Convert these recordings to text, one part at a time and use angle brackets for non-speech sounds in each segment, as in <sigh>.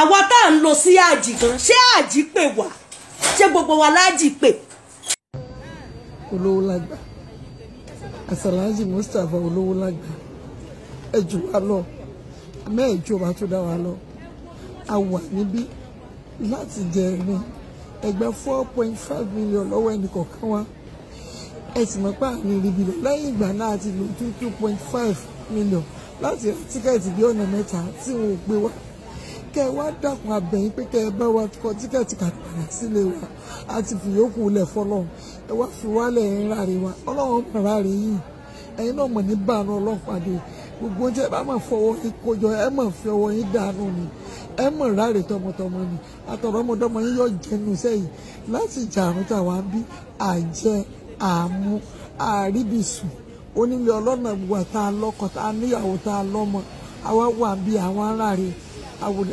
àwa tá à ń lọ sí àjì gan ṣé àjì pè wá ṣé gbogbo wa láàjì pè. olówó lágbà àṣàlájì Mustapha olówó lágbà ẹ jù wá lọ mẹ́ẹ̀jọ wa tó dá wa lọ a wà níbí láti jẹ ẹ̀rín ẹgbẹ́ four point five million lọ́wọ́ ẹnìkọ̀ọ̀kan wa ẹ sì mọ̀ pé àmì ìrìbì lọ lẹ́yìn ìgbà náà ti lò two two point five million láti tíkẹ́ẹ̀tì bí ọ̀nà mẹ́ta tí wọn gbé wá kẹ́ ẹ wá dàkún abẹ̀yìn pé kẹ́ ẹ bá wa kọ tíkẹ́ẹ̀tì kàkàrà sílé wa a ti fìyókù lẹ̀ fọlọ́run ẹ wá fi wálẹ̀ ń ráre wa ọlọ́run mọ̀ra rè yìí ẹ̀yin náà mọ̀ ní báàánú ọlọ́pàdé gbogbo oúnjẹ bá máa fọwọ́ yín kójọ ẹ máa fi ọwọ́ yín dànù ni ẹ mọ̀ ráre tọmọtọmọ ni àtọ̀rọ̀mọdọ́mọ yín yọ jẹnu sẹ́yìn láti jàrún tàwa ń bí àjẹ àmú àríbìsùn onílé ọlọ́nà gbogbo àtà lọ́kọ̀ tá a níyàwó tá a lọ́mọ àwa wà bí àwọn aráàlú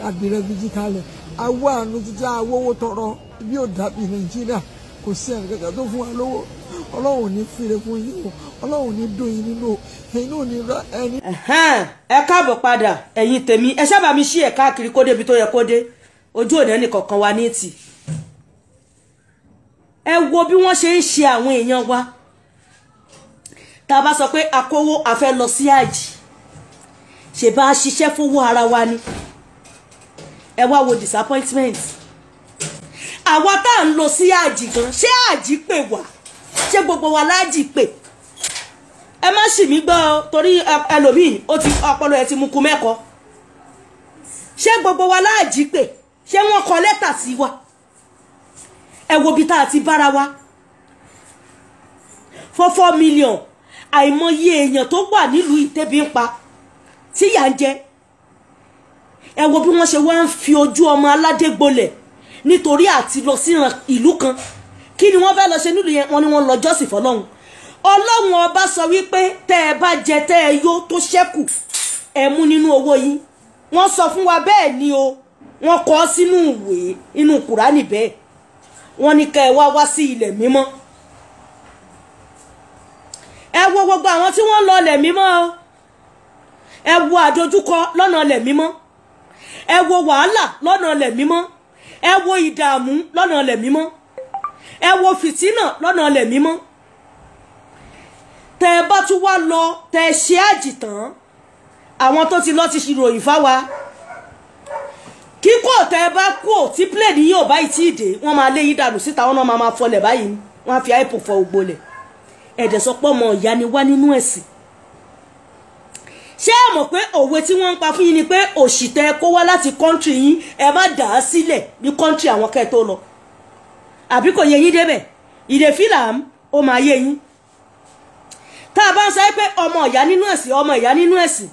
àgbèrègbè jíkalẹ̀ awọ àánú títí awọ́wọ́ tọrọ bí ó dàbí nàìjíríà kò sí ẹnì kankan tó fún wa lówó ọlọ́run ò ní fìrè fún yín o ọlọ́run ò ní dùn yín nínú ẹ̀yin ò ní rọ ẹni. ẹ káàbọ̀ padà ẹ̀yin tèmi ẹ sábà mi ṣí ẹ̀ káàkiri kó débi tó yẹ kó dé ojú òní ẹnìkọ̀ọ̀kan wa ní tì ẹ wo bí wọ́n ṣe ń ṣe àwọn èèyàn wa tá a bá sọ pé akówó a lọ sí àjì ṣe bá a ṣiṣẹ́ fowó ara wa ni ẹ wá wo disappointment àwa tá à ń lọ sí àjì gan ṣé àjì pè wá ṣé gbogbo wa láàjì pè ẹ má ṣì mí gbọ́ torí ẹlòmíì ó ti ọpọlọ ẹ ti mú kú mẹ́kọ̀ọ́ ṣé gbogbo wa láàjì pè ṣé wọ́n kọ lẹ́tà sí wa ẹ wo bí tá a ti bára wa four four million àìmọye èèyàn tó wà nílùú ìtẹ́bí ń pa tíyà ń jẹ ẹ wo bí wọ́n ṣe wá ń fi ojú ọmọ aládé gbolẹ̀ nítorí àti lọ sí ìlú kan kí ni wọ́n fẹ́ lọ ṣe nílùú yẹn wọ́n ní wọ́n lọ jọ́sìn fọlọ́run ọlọ́run ọba sọ wípé tẹ́ ẹ bá jẹ tẹ́ ẹ yó tó ṣẹ́kù ẹ mú nínú owó yín wọ́n sọ fún wa bẹ́ẹ̀ ni o wọ́n kọ sínú ìwé inú kùránì bẹ́ẹ̀ wọ́n ní kẹ́ ẹ wá wá sí ilẹ̀ mímọ́ ẹ wo gbogbo àwọn tí wọ́n lọ ilẹ̀ mímọ́ ẹ wo àdojúkọ lọ́nà ilẹ̀ mímọ́ ẹ wo wàhálà lọ́nà ọlẹ̀ mímọ́ ẹ wo ìdààmú lọ́nà ọlẹ̀ mímọ́ ẹ wo fìtínà lọ́nà ọlẹ̀ mímọ́ tẹ ẹ bá tún wá lọ tẹ ẹ ṣe àjìtàn àwọn tó ti lọ ti ṣìròyìn fáwa kíkó tẹ ẹ bá kú ò tí pléèdì yóò báyìí tí ì dé wọn máa lé yín dànù síta wọn náà máa máa fọlẹ̀ báyìí wọn á fi àìpò fọ ògbólẹ̀ ẹ̀dẹ̀ sọ pé ni wá nínú ẹ̀sìn ṣé ẹ mọ̀ pé òwe tí wọ́n ń pa fún yín ni pé òṣìtẹ́ kó wá láti kọ́ńtì yín ẹ má dà á sílẹ̀ ní kọ́ńtì àwọn kẹ́ tó lọ àbí kò yẹ yín débẹ̀ ìdè fílàm ó máa yé yín tá a bá ń sọ pé ọmọ ìyá nínú ẹ̀sìn ọmọ ìyá nínú ẹ̀sìn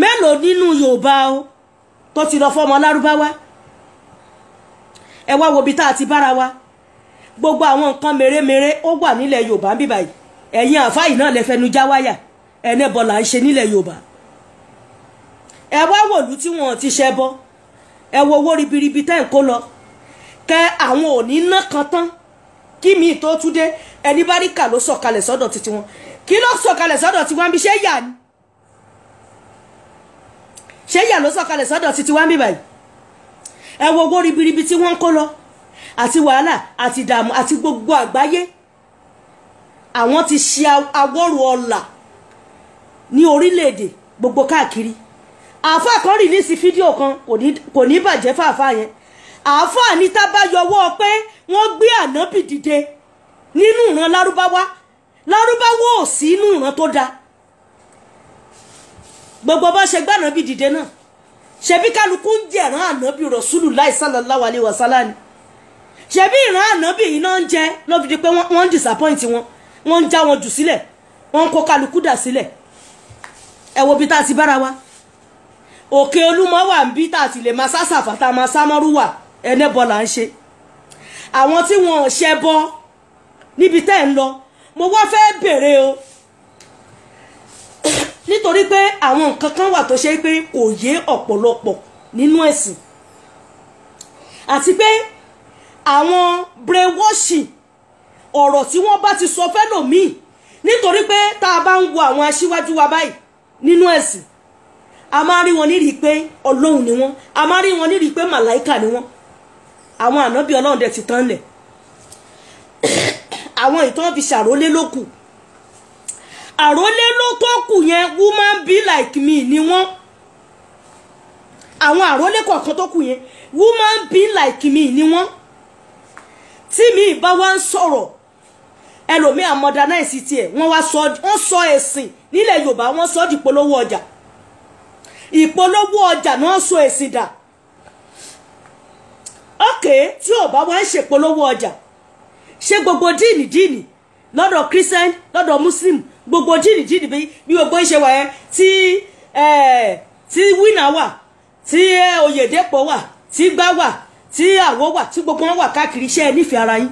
mélòó nínú Yorùbá o tó ti lọ fọmọ lárúbáwá ẹ wá wo ibi tá a ti bára wa gbogbo àwọn nǹkan mèremère ó wà nílẹ̀ Yorùbá ń bíbáyìí ẹ̀yin àfáì náà lè fẹnu já wáyà ẹ̀ẹ́nẹ́bọ̀ là ń ṣe nílẹ̀ Yorùbá ẹ wá wòlú tí wọn ti ṣẹ bọ ẹ wo owó ribiribi tẹ́ ń kó lọ kẹ àwọn òní ná kan tán kí mi tó tún dé ẹni bá rí kà ló sọ̀kalẹ̀ sọ́dọ̀ títí wọn kí ló sọ̀kalẹ̀ sọ́dọ̀ tí wọ́n bí ṣé yà ni ṣé yà ló sọ̀kalẹ̀ sọ́dọ̀ títí wọ́n bí báyìí ẹ wo owó ribiribi tí wọ́n ń kó lọ àti wàhálà àti ìdààmú àti gbogbo àgbáyé àwọn ti ṣe awọ́rò ọlà ní orílẹ̀-èdè gbogbo káàkiri àáfà kan rìlíìsì fídíò kan kò ní bàjẹ́ fàáfà yẹn àáfà ní tábàyọwọ́ pé wọ́n gbé ànábì dìde nínú ìran lárúbáwá lárúbáwá ò sí inú ìran tó dáa gbogbo bá ṣe gbànábì dìde náà ṣebí kálukú ń jẹ̀ràn ànábì rọ̀ṣúlù láì sallallahu alaihi wasallam ni ṣebí ìran ànábì yìí náà ń jẹ ló di pé wọ́n ń disappoint wọn wọ́n ń já wọn jù sílẹ̀ wọ́n ń kó kálukú dà sílẹ̀ ẹ bí tá a ti bára wa òkè olúmọ wà ń bí tá a sì lè máa sásàfà tá a máa sámọ́rú wà ẹnẹ́bọ là ń ṣe àwọn tí wọn ò ṣẹ bọ níbi tẹ́ ń lọ mo wá fẹ́ bèrè o nítorí pé àwọn nǹkan kan wà tó ṣe pé kò yé ọ̀pọ̀lọpọ̀ nínú ẹ̀sìn àti pé àwọn brainwashing ọ̀rọ̀ tí wọ́n bá ti sọ fẹ́lòmíì nítorí pé tá a bá ń wo àwọn aṣíwájú wa báyìí nínú ẹ̀sìn a máa rí wọn nírìí pé ọlọ́run ni wọ́n a máa rí wọn nírìí pé màláìkà ni wọ́n àwọn ànábì ọlọ́run dẹ̀ ti tán lẹ̀ <coughs> àwọn ìtàn fi ṣàrólé ló kù àrólé ló tó kù yẹn woman be like me ni wọ́n àwọn àrólé kọ̀ọ̀kan tó kù yẹn woman be like me ni wọ́n tí mi bá wá ń sọ̀rọ̀ ẹlòmíà modernize tiẹ̀ wọ́n wá sọ ẹ̀sìn nílẹ̀ yorùbá wọ́n sọ dìpolówó ọjà ìpolówó ọjà náà so èsì dà okay tí ò bá wọn ṣèpolówó ọjà ṣé gbogbo díìnì díìnì lọ́dọ̀ christian lọ́dọ̀ muslim gbogbo díìnì díìnì bí gbogbo ìṣe wà ẹ́ tí tí wínà wà tí oyèdèpọ̀ wà tí gbá wà tí àwo wà tí gbogbo wọn wà káàkiri ṣé ẹ nífẹ̀ẹ́ ara yín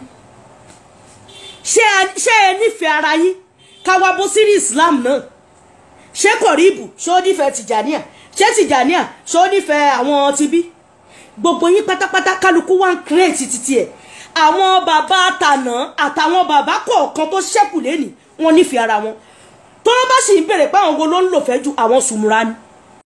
ṣé ẹ nífẹ̀ẹ́ ara yín káwa bó sí islam náà ṣé kò rí ibù ṣé ó nífẹ̀ẹ́ tìjàníà ṣé Tìjàníà ṣó nífẹ̀ẹ́ àwọn tibí gbogbo yín pátápátá kálukú wá ń kírètì títí ẹ̀ Baba bàbá àtànà àtàwọn bàbá kọ̀ọ̀kan tó ṣẹ́kù lẹ́nìí wọn nífẹ̀ẹ́ ara wọn tó bá sì ń bèrè pé àwọn wo ló ń lò fẹ́ ju àwọn sùmùrà ni